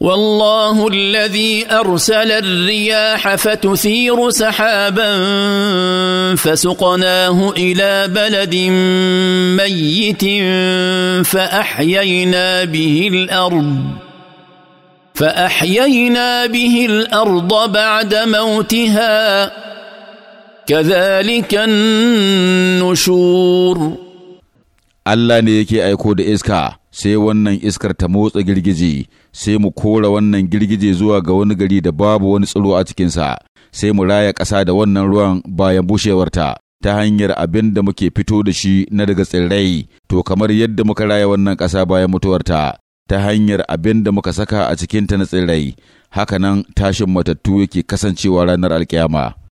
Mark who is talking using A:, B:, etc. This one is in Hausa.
A: والله الذي ارسل الرياح فتثير سحابا فسقناه الى بلد ميت فاحيينا به الارض فاحيينا به الارض بعد موتها
B: كذلك
A: النشور
B: Allah ne yake aiko da iska, sai wannan iskar ta motsa girgije, sai mu kora wannan girgije zuwa ga wani gari da babu wani tsiro a cikinsa, sai mu raya ƙasa da wannan ruwan bayan bushewarta. ta hanyar abin da muke fito da shi na daga tsirrai, to kamar yadda muka raya wannan ƙasa bayan mutuwarta, ta hanyar abin da muka saka a cikinta na tsirrai, hakanan tashin matattu yake kasancewa ranar alkiyama.